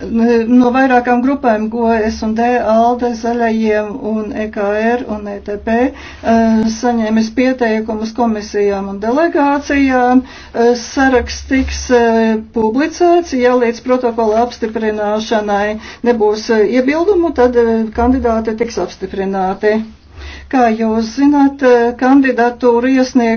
no vairākām grupēm GOS un D, ALDE, Zaļajiem un EKR un ETP eh, saņēmis pieteikumus komisijām un delegācijām. Eh, saraksts tiks eh, publicēts, ja līdz protokola apstiprināšanai nebūs iebildumu, tad kandidāti tiks apstiprināti. Kā jūs zināt, kandidatūru iesniegt